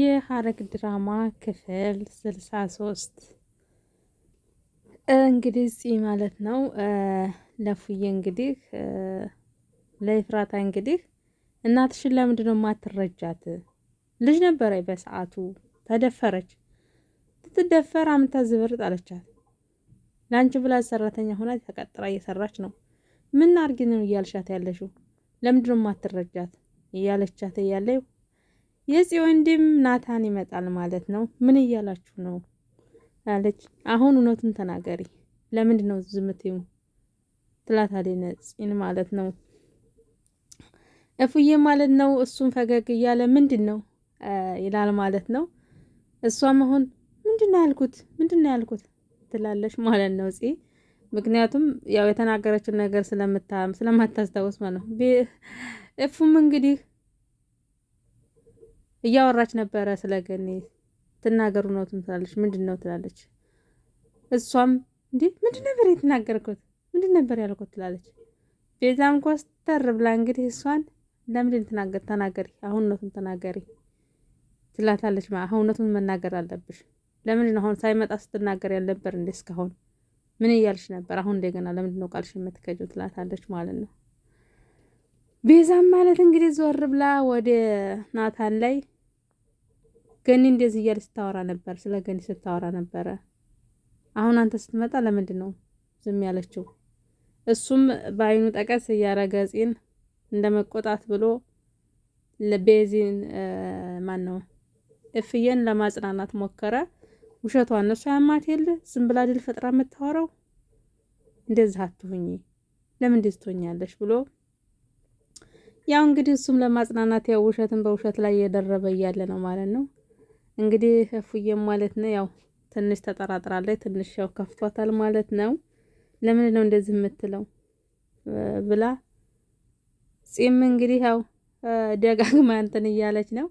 የሐረግ ድራማ ክፍል ስልሳ ሶስት እንግዲህ ፂ ማለት ነው ለፉዬ እንግዲህ ለኤፍራታ እንግዲህ እናትሽን ለምንድን ነው የማትረጃት? ልጅ ነበረ በሰዓቱ ተደፈረች። ትትደፈር አምታ ዝብርጥ አለቻት። ለአንቺ ብላ ሰራተኛ ሆና ተቀጥራ እየሰራች ነው። ምን አርጊ ነው እያልሻት ያለሽው? ለምንድን ነው የማትረጃት? እያለቻት እያለ የፂ ወንድም ናታን ይመጣል ማለት ነው። ምን እያላችሁ ነው አለች። አሁን እውነቱን ተናገሪ፣ ለምንድን ነው ዝምትዩ? ትላታለች ነፂን ማለት ነው። እፉዬ ማለት ነው። እሱም ፈገግ እያለ ምንድን ነው ይላል ማለት ነው። እሷም አሁን ምንድን ነው ያልኩት ምንድን ነው ያልኩት ትላለች ማለት ነው ፂ ምክንያቱም ያው የተናገረችውን ነገር ስለማታስታውስ ማለት ነው። እፉም እንግዲህ እያወራች ነበረ ስለ ገኒ ትናገሩ ነው ትላለች። ምንድን ነው ትላለች። እሷም እንዴ ምንድን ነበር የተናገርኩት ምንድን ነበር ያልኩት ትላለች። ቤዛም ኮስተር ብላ እንግዲህ እሷን ለምንድን ትናገር ተናገሪ አሁን እውነቱን ተናገሪ ትላታለች። አሁን እውነቱን መናገር አለብሽ። ለምንድን ነው አሁን ሳይመጣ ስትናገር ያልነበር እንዴ እስካሁን ምን እያልሽ ነበር? አሁን እንደገና ለምንድን ነው ቃልሽ የምትከጁ? ትላታለች ማለት ነው። ቤዛም ማለት እንግዲህ ዞር ብላ ወደ ናታን ላይ ገኒ እንደዚህ እያለች ስታወራ ነበር፣ ስለ ገኒ ስታወራ ነበረ። አሁን አንተ ስትመጣ ለምንድን ነው ዝም ያለችው? እሱም በአይኑ ጠቀስ እያረገ ጺን እንደ መቆጣት ብሎ ለቤዚን ማን ነው እፍየን ለማጽናናት ሞከረ። ውሸቷ እነሱ ያማት የለ ዝም ብላ ድል ፈጥራ የምታወራው እንደዚህ አትሁኝ፣ ለምን እንደዚህ ብሎ ያው እንግዲህ እሱም ለማጽናናት ያው ውሸትን በውሸት ላይ እየደረበ እያለ ነው ማለት ነው። እንግዲህ እፉዬም ማለት ነው ያው ትንሽ ተጠራጥራለች፣ ትንሽ ያው ከፍቷታል ማለት ነው። ለምንድን ነው እንደዚህ የምትለው ብላ ጺም እንግዲህ ያው ደጋግማ እንትን እያለች ነው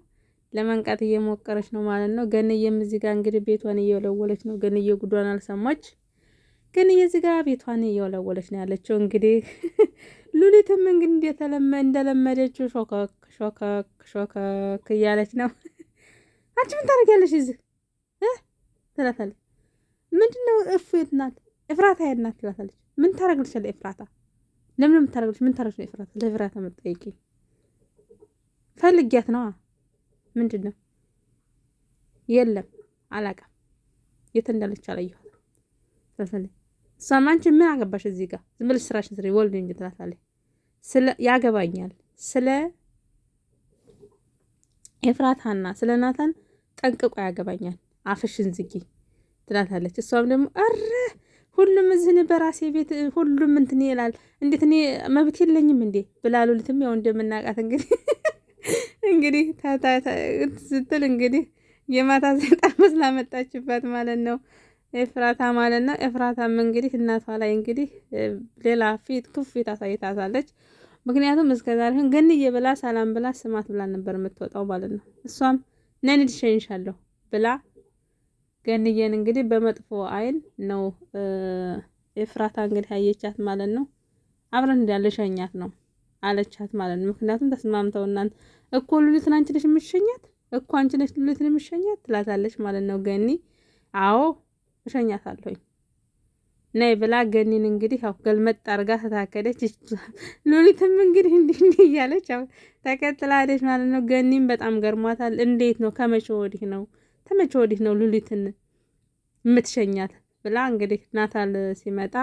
ለመንቀት እየሞከረች ነው ማለት ነው። ገንዬም እዚህ ጋር እንግዲህ ቤቷን እየወለወለች ነው። ገንዬ ጉዷን አልሰማች። ገንዬ እዚህ ጋር ቤቷን እየወለወለች ነው ያለችው። እንግዲህ ሉሊትም እንግዲህ እንደተለመ እንደለመደችው ሾከክ ሾከክ ሾከክ እያለች ነው አንቺ ምን ታደርጊያለሽ እዚህ ትላታለች። ምንድን ነው እፉ የት ናት? እፍራታ የት ናት ትላታለች። ምን ታደርግልሻለች እፍራታ ለምን የምታደርግልሽ ምን ታደርግልሽ ኤፍራታ? ለእፍራታ መጠየቂ ፈልጊያት ነዋ። ምንድን ነው የለም አላቃ የት እንዳለች አላየኋትም ትላታለች። እሷም አንቺ ምን አገባሽ እዚህ ጋር ዝም ብለሽ ስራሽን ስሪ ወልድ እንጂ ትላታለች። ስለ ያገባኛል ስለ ኤፍራታና ስለ ናታን ጠንቅቆ ያገባኛል፣ አፍሽን ዝጊ ትላታለች። እሷም ደግሞ አረ ሁሉም እዝህን በራሴ ቤት ሁሉም እንትን ይላል፣ እንዴት እኔ መብት የለኝም እንዴ ብላሉልትም ሉሊትም ያው እንደምናውቃት እንግዲህ እንግዲህ ስትል እንግዲህ የማታ ዘጣ መስላ መጣችባት ማለት ነው ኤፍራታ ማለት ነው። ኤፍራታም እንግዲህ እናቷ ላይ እንግዲህ ሌላ ፊት ክፉ ታሳይታታለች። ምክንያቱም እስከዛሬ ግን ገንዬ ብላ ሰላም ብላ ስማት ብላ ነበር የምትወጣው ማለት ነው እሷም ነን እሸኝሻለሁ ብላ ገንየን እንግዲህ በመጥፎ አይን ነው ኤፍራታ እንግዲህ አየቻት ማለት ነው። አብረን እንዳለ ሸኛት ነው አለቻት ማለት ነው። ምክንያቱም ተስማምተው እናንተ እኮ ሉሊት አንቺ ነሽ የምትሸኛት እኮ አንቺ ነሽ ሉሊትን የምትሸኛት ትላታለች ማለት ነው። ገኒ አዎ እሸኛታለሁኝ ነይ ብላ ገኒን እንግዲህ ያው ገልመጥ አርጋ ተታከደች። ሉሊትም እንግዲህ እንዲህ እንዲህ እያለች ያው ተከትላ ማለት ነው። ገኒም በጣም ገርሟታል። እንዴት ነው ከመቼ ወዲህ ነው ከመቼ ወዲህ ነው ሉሊትን የምትሸኛት ብላ እንግዲህ ናታል ሲመጣ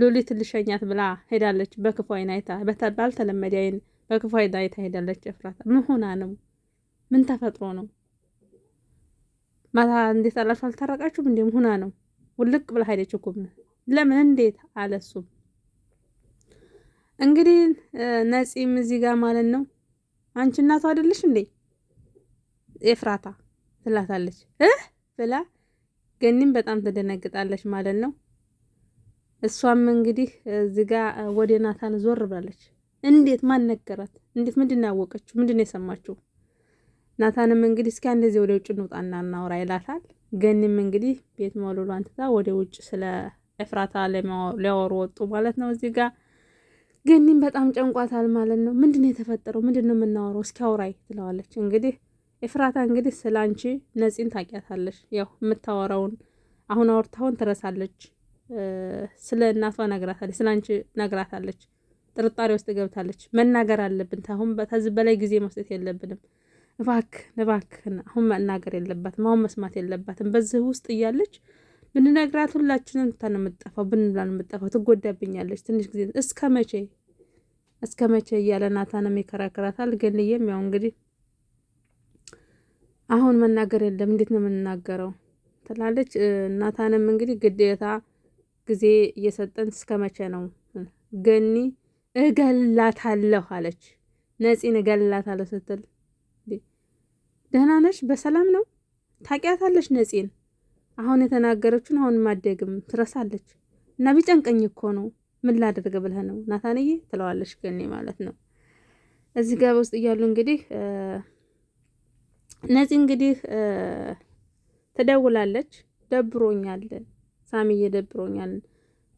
ሉሊት ልሸኛት ብላ ሄዳለች። በክፉ አይን አይታ ባልተለመደ አይን በክፉ አይን አይታ ሄዳለች። እፍራታ ምን ሆና ነው? ምን ተፈጥሮ ነው? ማታ እንዴት አላችሁ አልታረቃችሁም? እንዴም ሁና ነው ውልቅ ብላ ሄደች እኮ ለምን እንዴት አለሱም እንግዲህ ነፂም እዚህ ጋር ማለት ነው አንቺ እናቷ አይደለሽ እንዴ ኤፍራታ ትላታለች እ ብላ ገኒም በጣም ትደነግጣለች ማለት ነው። እሷም እንግዲህ እዚህ ጋር ወደ ናታን ዞር ብላለች። እንዴት ማን ነገራት? እንዴት ምንድን ያወቀችው? ምንድን የሰማችው? ናታንም እንግዲህ እስኪ እንደዚህ ወደ ውጭ እንውጣና እናውራ ይላታል። ገንም እንግዲህ ቤት መውለሏን ትታ ወደ ውጭ ስለ ኤፍራታ ሊያወሩ ወጡ ማለት ነው። እዚህ ጋር ገኒም በጣም ጨንቋታል ማለት ነው። ምንድን ነው የተፈጠረው? ምንድን ነው የምናወራው? እስኪ አውራይ ትለዋለች። እንግዲህ ኤፍራታ እንግዲህ ስለ አንቺ ነፂን ታቂያታለች ያው የምታወራውን አሁን አውርታሁን ትረሳለች። ስለ እናቷ ነግራታለች፣ ስለ አንቺ ነግራታለች። ጥርጣሬ ውስጥ ገብታለች። መናገር አለብን። አሁን ከዚህ በላይ ጊዜ መስጠት የለብንም እባክህን እባክህን አሁን መናገር የለባትም አሁን መስማት የለባትም በዚህ ውስጥ እያለች ብንነግራት ሁላችንም ታን የምትጠፋው ብንብላ ነው የምትጠፋው ትጎዳብኛለች ትንሽ ጊዜ እስከ መቼ እስከ መቼ እያለ ናታንም ይከራከራታል ገንዬም ያው እንግዲህ አሁን መናገር የለም እንዴት ነው የምንናገረው ትላለች ናታንም እንግዲህ ግዴታ ጊዜ እየሰጠን እስከ መቼ ነው ገኒ እገላታለሁ አለች ነፂን እገላታለሁ ስትል ደህና ነሽ? በሰላም ነው? ታውቂያታለሽ ነፂን? አሁን የተናገረችን አሁን ማደግም ትረሳለች እና ቢጨንቀኝ እኮ ነው ምን ላደርግ ብለህ ነው ናታንዬ ትለዋለች። ገኔ ማለት ነው እዚህ ጋር በውስጥ እያሉ እንግዲህ ነፂ እንግዲህ ትደውላለች። ደብሮኛል ሳሚዬ ደብሮኛል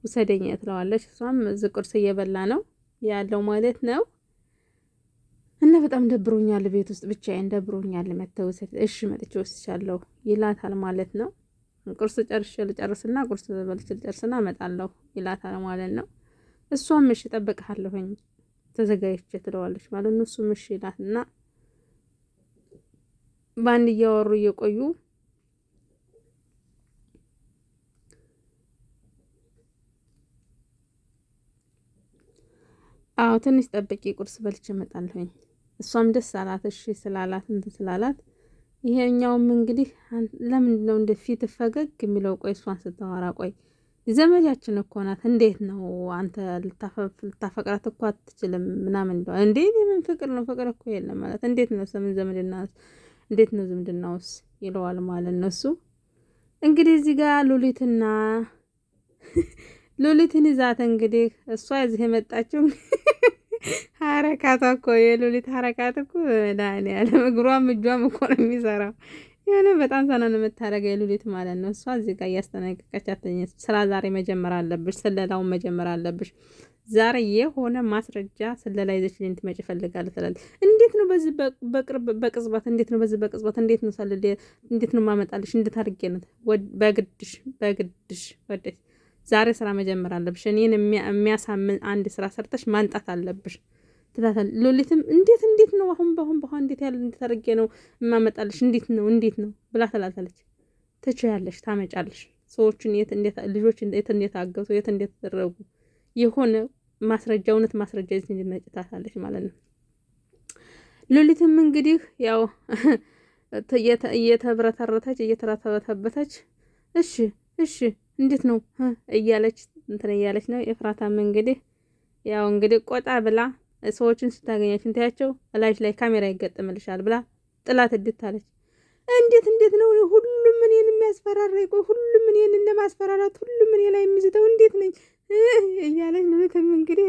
ውሰደኝ ትለዋለች። እሷም እዚህ ቁርስ እየበላ ነው ያለው ማለት ነው እና በጣም ደብሮኛል፣ ቤት ውስጥ ብቻዬን ደብሮኛል፣ መተውሰድ እሺ መጥቼ ወስቻለሁ ይላታል ማለት ነው። ቁርስ ጨርሼ ልጨርስና ቁርስ በልቼ ልጨርስና እመጣለሁ ይላታል ማለት ነው። እሷም እሺ እጠብቅሃለሁኝ ተዘጋጅቼ ትለዋለች ማለት ነው። እሱም እሺ ይላትና በአንድ እያወሩ እየቆዩ አዎ ትንሽ ጠብቂ፣ ቁርስ በልቼ እመጣለሁኝ እሷም ደስ አላት። እሺ ስላላት እንትን ስላላት ይሄኛውም እንግዲህ ለምንድን ነው እንደ ፊት ፈገግ የሚለው? ቆይ እሷን ስታወራ ቆይ ዘመዳችን እኮ ናት፣ እንዴት ነው አንተ ልታፈቅራት እኮ አትችልም ምናምን ይለዋል። እንዴት ምን ፍቅር ነው? ፍቅር እኮ የለም ማለት እንዴት ነው? ሰምን ዘመድና እንዴት ነው ዝምድናውስ? ይለዋል ማለት ነው። እሱ እንግዲህ እዚህ ጋር ሉሊትና ሉሊትን ይዛት እንግዲህ እሷ እዚህ የመጣችው ሀረካቷ እኮ የሉሊት ሀረካት እኮ ላኔ ያለ እግሯም እጇም እኮ ነው የሚሰራው። የሆነ በጣም ዘና ነው የምታደርገው የሉሊት ማለት ነው። እሷ እዚህ ጋር እያስጠነቀቀቻት ስራ ዛሬ መጀመር አለብሽ፣ ስለላውን መጀመር አለብሽ። ዛሬ የሆነ ማስረጃ ስለላ ይዘሽ ልኝ ትመጪ እፈልጋለሁ ትላለች። እንዴት ነው በዚህ በቅርብ በቅጽበት እንዴት ነው በዚህ በቅጽበት እንዴት ነው ሳልል እንዴት ነው ማመጣልሽ? እንዴት አድርጌ ነው በግድሽ በግድሽ ወደሽ ዛሬ ስራ መጀመር አለብሽ፣ እኔን የሚያሳምን አንድ ስራ ሰርተሽ ማንጣት አለብሽ ትላታል። ሎሊትም እንዴት እንዴት ነው አሁን በአሁን በኋ እንዴት ያለ እንዴት አድርጌ ነው የማመጣልሽ? እንዴት ነው እንዴት ነው ብላ ትላታለች። ትችያለሽ፣ ታመጫለሽ። ሰዎቹን የት እንዴት ልጆች የት እንዴት አገቱ የት እንዴት ተደረጉ የሆነ ማስረጃ እውነት ማስረጃ ይዘሽ እንድትመጪ ማለት ነው። ሎሊትም እንግዲህ ያው እየተብረተረተች እየተረተበተበተች እሺ እሺ እንዴት ነው እያለች እንትን እያለች ነው። ኤፍራታም እንግዲህ ያው እንግዲህ ቆጣ ብላ ሰዎችን ስታገኛችን ታያቸው እላይሽ ላይ ካሜራ ይገጠምልሻል ብላ ጥላት እድት አለች። እንዴት እንዴት ነው ሁሉም እኔን የሚያስፈራራ ቆይ ሁሉም እኔን እንደማስፈራራት ሁሉም እኔ ላይ የሚዝተው እንዴት ነኝ እያለች ነው። ትም እንግዲህ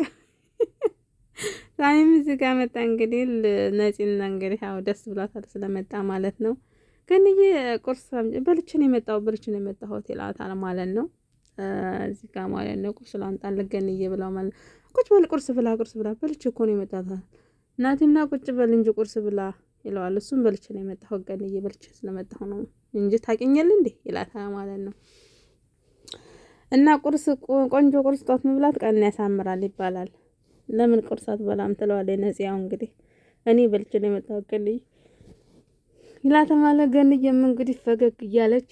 ዛሬም እዚህ ጋር መጣ እንግዲህ ነፂና እንግዲህ ያው ደስ ብሏታል ስለመጣ ማለት ነው። ግን ይህ ቁርስ በልችን የመጣው በልችን የመጣ ሆቴል አታል ማለት ነው። እዚህ ጋር ማለት ነው ቁርስ ላምጣን ልገንዬ ብላው ማለት ነው። ቁጭ በል ቁርስ ብላ ቁርስ ብላ በልች እኮ ነው የመጣት እናቴምና ቁጭ በል እንጂ ቁርስ ብላ ይለዋል። እሱም በልች ነው የመጣሁ ገንዬ በልች ስለመጣሁ ነው እንጂ ታቂኛል እንዴ ይላታል ማለት ነው። እና ቁርስ ቆንጆ ቁርስ ጧት መብላት ቀን ያሳምራል ይባላል። ለምን ቁርሳት በላም ትለዋለች ነፂ። ያው እንግዲህ እኔ በልች ነው የመጣሁ ገንዬ ይላተማለ ገንዬም እንግዲህ ፈገግ እያለች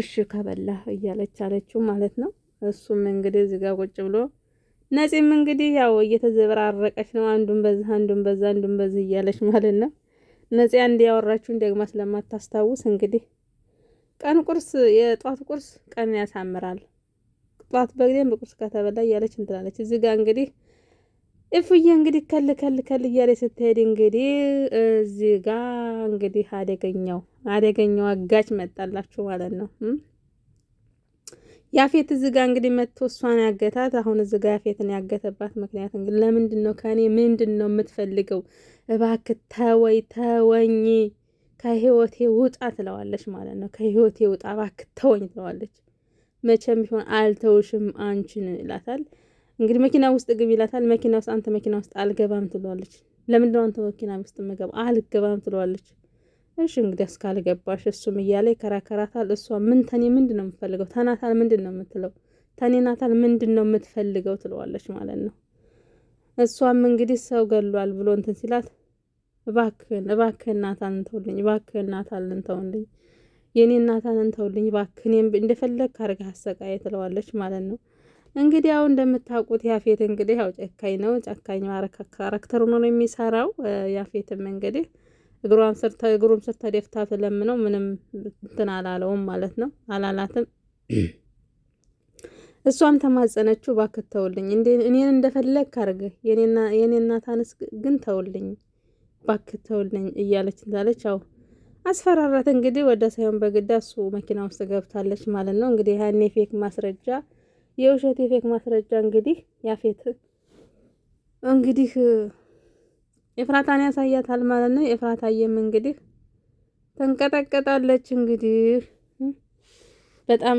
እሺ ከበላህ እያለች አለችው ማለት ነው። እሱም እንግዲህ እዚህ ጋር ቁጭ ብሎ ነፂም እንግዲህ ያው እየተዘበራረቀች ነው። አንዱን በዚህ አንዱን በዛ አንዱን በዚህ እያለች ማለት ነው። ነፂ አንድ ያወራችሁን ደግማ ስለማታስታውስ እንግዲህ ቀን ቁርስ የጧት ቁርስ ቀን ያሳምራል፣ ጧት በግዴን በቁርስ ከተበላ እያለች እንትላለች። እዚህ ጋር እንግዲህ እፍዬ እንግዲህ ከል ከል ከል እያለ ስትሄድ እንግዲህ እዚህ ጋ እንግዲህ አደገኛው አደገኛው አጋች መጣላችሁ ማለት ነው። ያፌት እዚህ ጋ እንግዲህ መጥቶ እሷን ያገታት። አሁን እዚህ ጋ ያፌትን ያገተባት ምክንያት እንግዲህ ለምንድን ነው ከእኔ ምንድን ነው የምትፈልገው? እባክህ ተወይ ተወኝ፣ ከህይወቴ ውጣ ትለዋለች ማለት ነው። ከህይወቴ ውጣ እባክህ ተወኝ ትለዋለች። መቼም ቢሆን አልተውሽም አንቺን ይላታል። እንግዲህ መኪና ውስጥ ግብ ይላታል። መኪና ውስጥ አንተ መኪና ውስጥ አልገባም ትለዋለች። ነው አንተ መኪና ውስጥ መገባ አልገባም ትለዋለች። እሺ እንግዲህ እስካልገባሽ እሱም እያለ ይከራከራታል። እሷ ምን ተኔ ምንድን ነው የምትፈልገው? ተናታል ምንድን ነው የምትለው? ተኔ ናታል ምንድን ነው የምትፈልገው ትለዋለች ማለት ነው። እሷም እንግዲህ ሰው ገሏል ብሎ እንትን ሲላት እባክህን እባክህን ናታን እንተውልኝ፣ እባክህን ናታን እንተውልኝ፣ የኔን ናታን እንተውልኝ፣ እባክህን እንደፈለግ ካርጋ አሰቃየ ትለዋለች ማለት ነው። እንግዲህ ያው እንደምታውቁት ያፌት እንግዲህ ያው ጨካኝ ነው። ጨካኝ ካራክተሩ ነው የሚሰራው። ያፌትም እንግዲህ እግሯን ስር እግሩም ስር ተደፍታ ትለምነው ምንም እንትን አላለውም ማለት ነው አላላትም። እሷም ተማጸነችው፣ እባክህ ተውልኝ፣ እኔን እንደፈለግ ካርገ የኔና ታንስ ግን ተውልኝ፣ እባክህ ተውልኝ እያለች እንዳለች ያው አስፈራራት። እንግዲህ ወደ ሳይሆን በግዳ እሱ መኪና ውስጥ ገብታለች ማለት ነው። እንግዲህ ያኔ ፌክ ማስረጃ የውሸት የፌክ ማስረጃ እንግዲህ ያፌት እንግዲህ ኤፍራታን ያሳያታል ማለት ነው። ኤፍራታዬም እንግዲህ ተንቀጠቀጣለች። እንግዲህ በጣም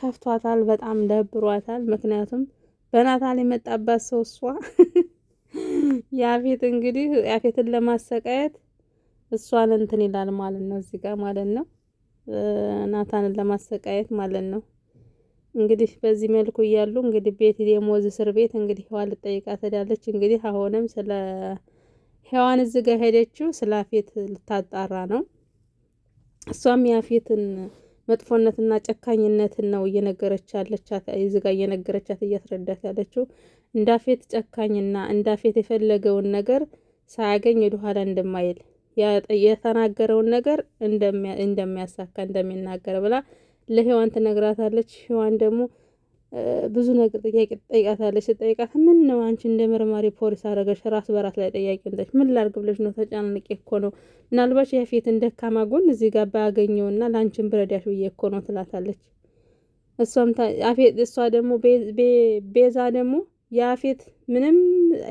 ከፍቷታል፣ በጣም ደብሯታል። ምክንያቱም በናታል የመጣባት ሰው እሷ ያፌት እንግዲህ ያፌትን ለማሰቃየት እሷን እንትን ይላል ማለት ነው። እዚህ ጋር ማለት ነው ናታንን ለማሰቃየት ማለት ነው። እንግዲህ በዚህ መልኩ እያሉ እንግዲህ ቤት የሞዝ እስር ቤት እንግዲህ ሔዋን ልጠይቃት ሄዳለች። እንግዲህ አሁንም ስለ ሔዋን እዚህ ጋር ሄደችው ስለ አፌት ልታጣራ ነው። እሷም የአፌትን መጥፎነትና ጨካኝነትን ነው እየነገረች ያለቻት፣ እዚህ ጋር እየነገረቻት እያስረዳት ያለችው እንዳፌት ጨካኝና እንዳፌት የፈለገውን ነገር ሳያገኝ ወደኋላ እንደማይል የተናገረውን ነገር እንደሚያሳካ እንደሚናገር ብላ ለህዋን ትነግራታለች። ህዋን ደግሞ ብዙ ነገር ጥያቄ ትጠይቃታለች። ስጠይቃት ምን ነው አንቺ እንደ መርማሪ ፖሊስ አረገሽ ራስ በራስ ላይ ጠያቂ ነች። ምን ላርግ ብለሽ ነው? ተጨናንቄ እኮ ነው። ምናልባት የፊትን ደካማ ጎን እዚህ ጋር ባያገኘው ባያገኘውና ለአንቺን ብረዳሽ ብዬ እኮ ነው ትላታለች። እሷም እሷ ደግሞ ቤዛ ደግሞ የአፌት ምንም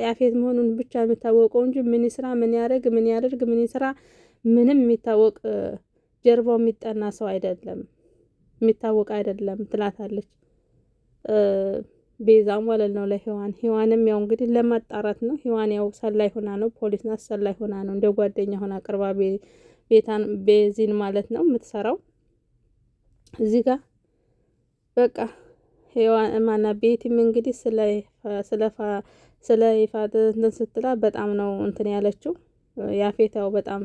የአፌት መሆኑን ብቻ የሚታወቀው እንጂ ምን ስራ ምን ያደርግ ምን ያደርግ ምን ስራ ምንም የሚታወቅ ጀርባው የሚጠና ሰው አይደለም። የሚታወቅ አይደለም ትላታለች ቤዛ ማለት ነው ለህዋን ህዋንም ያው እንግዲህ ለማጣራት ነው። ህዋን ያው ሰላይ ሆና ነው፣ ፖሊስ ናት። ሰላይ ሆና ነው እንደ ጓደኛ ሆና ቅርባ ቤታን ቤዚን ማለት ነው የምትሰራው እዚህ ጋር በቃ ሔዋን ማና ቤቲም እንግዲህ ስለ ስለፋ ስለ ይፋት እንትን ስትላ በጣም ነው እንትን ያለችው ያፌታው በጣም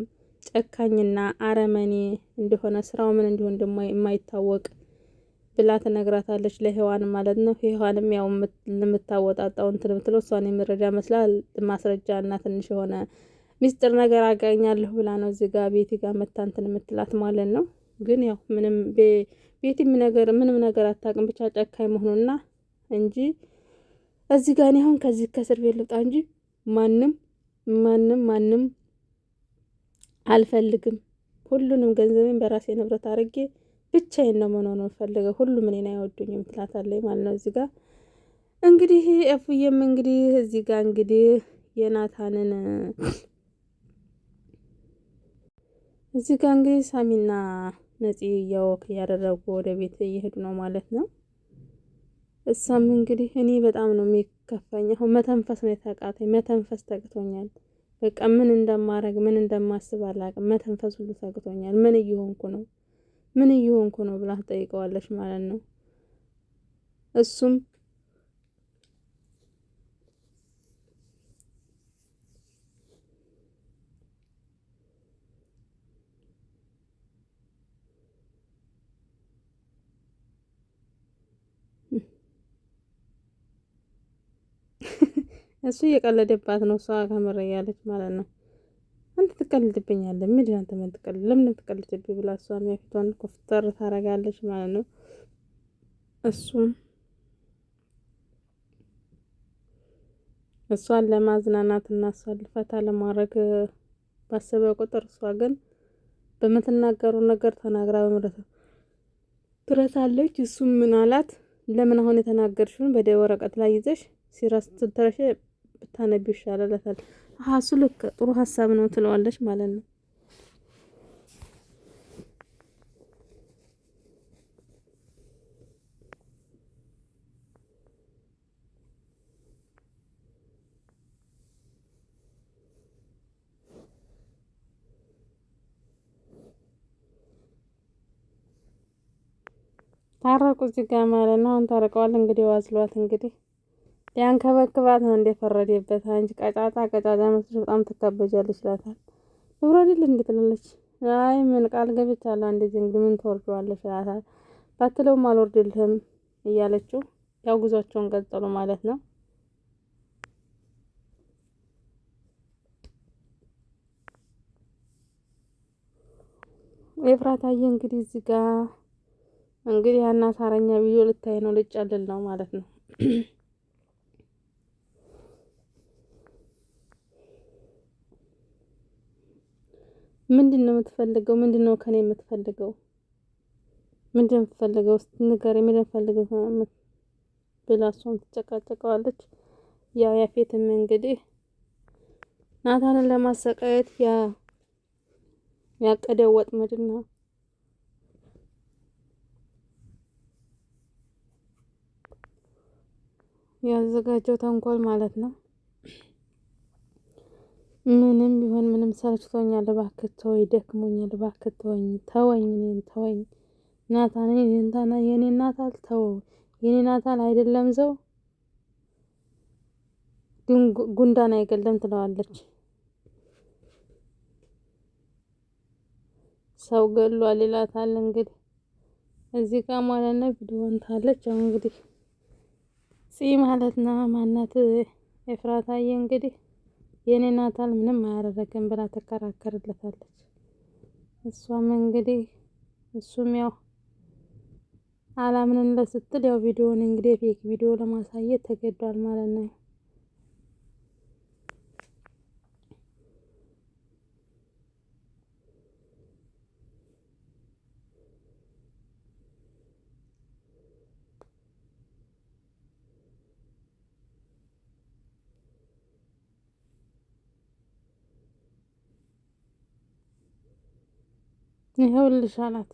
ጨካኝና አረመኔ እንደሆነ ስራው ምን እንዲሆን ደሞ የማይታወቅ ብላ ትነግራታለች ለህዋን ማለት ነው። ህዋንም ያው የምታወጣጣውን እንትን የምትለው እሷን የመረጃ መስላል ማስረጃ እና ትንሽ የሆነ ሚስጥር ነገር አገኛለሁ ብላ ነው እዚህ ጋር ቤቲ ጋር መታ እንትን የምትላት ማለት ነው። ግን ያው ምንም ቤቲም ነገር ምንም ነገር አታውቅም ብቻ ጨካኝ መሆኑና እንጂ እዚህ ጋር እኔ አሁን ከዚህ ከእስር ቤት ልውጣ እንጂ ማንም ማንም ማንም አልፈልግም። ሁሉንም ገንዘብን በራሴ ንብረት አድርጌ ብቻዬን ነው መኖር ነው የምፈልገው። ሁሉም እኔን አይወዱኝም ትላታለች ማለት ነው እዚህ ጋር እንግዲህ ኤፉዬም እንግዲህ እዚህ ጋር እንግዲህ የናታንን እዚህ ጋር እንግዲህ ሳሚና ነፂ እያወክ እያደረጉ ወደ ቤት እየሄዱ ነው ማለት ነው። እሷም እንግዲህ እኔ በጣም ነው የሚከፋኝ አሁን መተንፈስ ነው የተቃተኝ፣ መተንፈስ ተቅቶኛል በቃ ምን እንደማረግ ምን እንደማስብ አላቅም። መተንፈስ ሁሉ ሰግቶኛል። ምን እየሆንኩ ነው? ምን እየሆንኩ ነው ብላ ትጠይቀዋለች ማለት ነው። እሱም እሱ እየቀለደባት ነው፣ እሷ ከምር እያለች ማለት ነው። አንተ ትቀልድብኛለህ፣ ምንድን አንተ ምን ትቀልድ፣ ለምን ትቀልድብኝ ብላ እሷም የፊቷን ኮፍተር ታረጋለች ማለት ነው። እሱም እሷን ለማዝናናት እና እሷን ልፈታ ለማድረግ ባሰበ ቁጥር እሷ ግን በምትናገረው ነገር ተናግራ በምረት ትረሳለች። እሱም ምን አላት፣ ለምን አሁን የተናገርሽውን በደ ወረቀት ላይ ይዘሽ ሲረስ ትረሽ ብታነቢው ይሻላል። እሱ ልክ ጥሩ ሀሳብ ነው ትለዋለች ማለት ነው። ታረቁ እዚህ ጋር ማለት ነው። አሁን ታረቀዋል እንግዲህ ዋዝሏት እንግዲህ ሊያንከበክባት ነው እንደፈረደበት። አንቺ ቀጫጫ ቀጫጫ መስሎሽ በጣም ትታበጃለች ይላታል። ትውረድል እንዴ አይ ምን ቃል ገብቻለሁ እንደዚህ እንግዲህ ምን ትወርደዋለች ይላታል። ባትለውም አልወርድልህም እያለችው ያው ጉዟቸውን ቀጠሉ ማለት ነው። ኤፍራታዬ እንግዲህ እዚህ ጋር እንግዲህ ያና ሳረኛ ቪዲዮ ልታይ ነው ልጨልል ነው ማለት ነው። ምንድን ነው የምትፈልገው? ምንድን ነው ከኔ የምትፈልገው? ምንድን ነው የምትፈልገው? እስቲ ንገረኝ፣ ምንድን ነው የምትፈልገው ብላ እሷም ትጨቃጨቀዋለች። ያ ያፌትም እንግዲህ ናታንን ለማሰቃየት ያ ያቀደው ነው። ያዘጋጀው ተንኮል ማለት ነው። ምንም ቢሆን ምንም ሰልችቶኛል፣ እባክህ ተወኝ፣ ደክሞኛል፣ እባክህ ተወኝ፣ ተወኝ፣ እኔን ተወኝ። ናታን የኔ ናታል ተወው፣ የኔ ናታል አይደለም ዘው ጉንዳን አይገለም ትለዋለች። ሰው ገሏል ይላታል። እንግዲህ እዚህ ጋር ማለት ነው ቪዲዮን ታለች። አሁን እንግዲህ ፂ ማለት ነው ማናት ኤፍራታዬ እንግዲህ የኔ ናታል ምንም አያደረገም ብላ ተከራከርለታለች። እሷም እንግዲህ እሱም ያው አላምንለት ስትል ያው ቪዲዮውን እንግዲህ ፌክ ቪዲዮ ለማሳየት ተገዷል ማለት ነው። ይኸውልሽ አላት።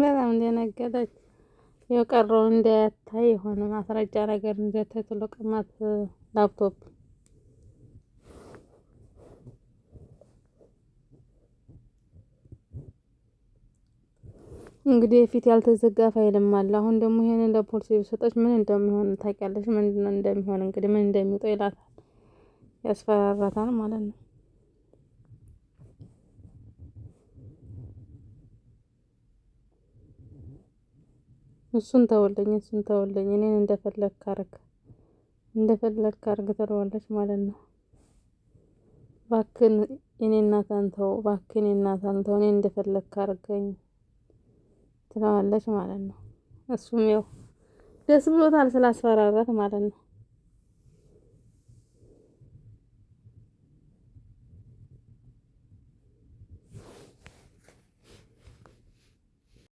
በጣም እንደነገጠች የቀረው እንዳያታይ የሆነ ማስረጃ ነገር እንደተጥሎ ቀማት ላፕቶፕ እንግዲህ የፊት ያልተዘጋ ፋይልም አለ። አሁን ደግሞ ይሄንን ለፖሊስ ሰጠች። ምን እንደሚሆን ታውቂያለሽ? ምን እንደሚሆን እንግዲህ ምን እንደሚወጣው ይላታል፣ ያስፈራራታል ማለት ነው። እሱን ተወልኝ፣ እሱን ተወልኝ፣ እኔን እንደፈለግ ካርግ፣ እንደፈለግ ካርግ ትለዋለች ማለት ነው። ባክን እኔ እናት አንተው፣ እባክህን እናት አንተው፣ እኔን እንደፈለግ ካርገኝ ትለዋለች ማለት ነው። እሱም ያው ደስ ብሎታል ስላስፈራራት ማለት ነው።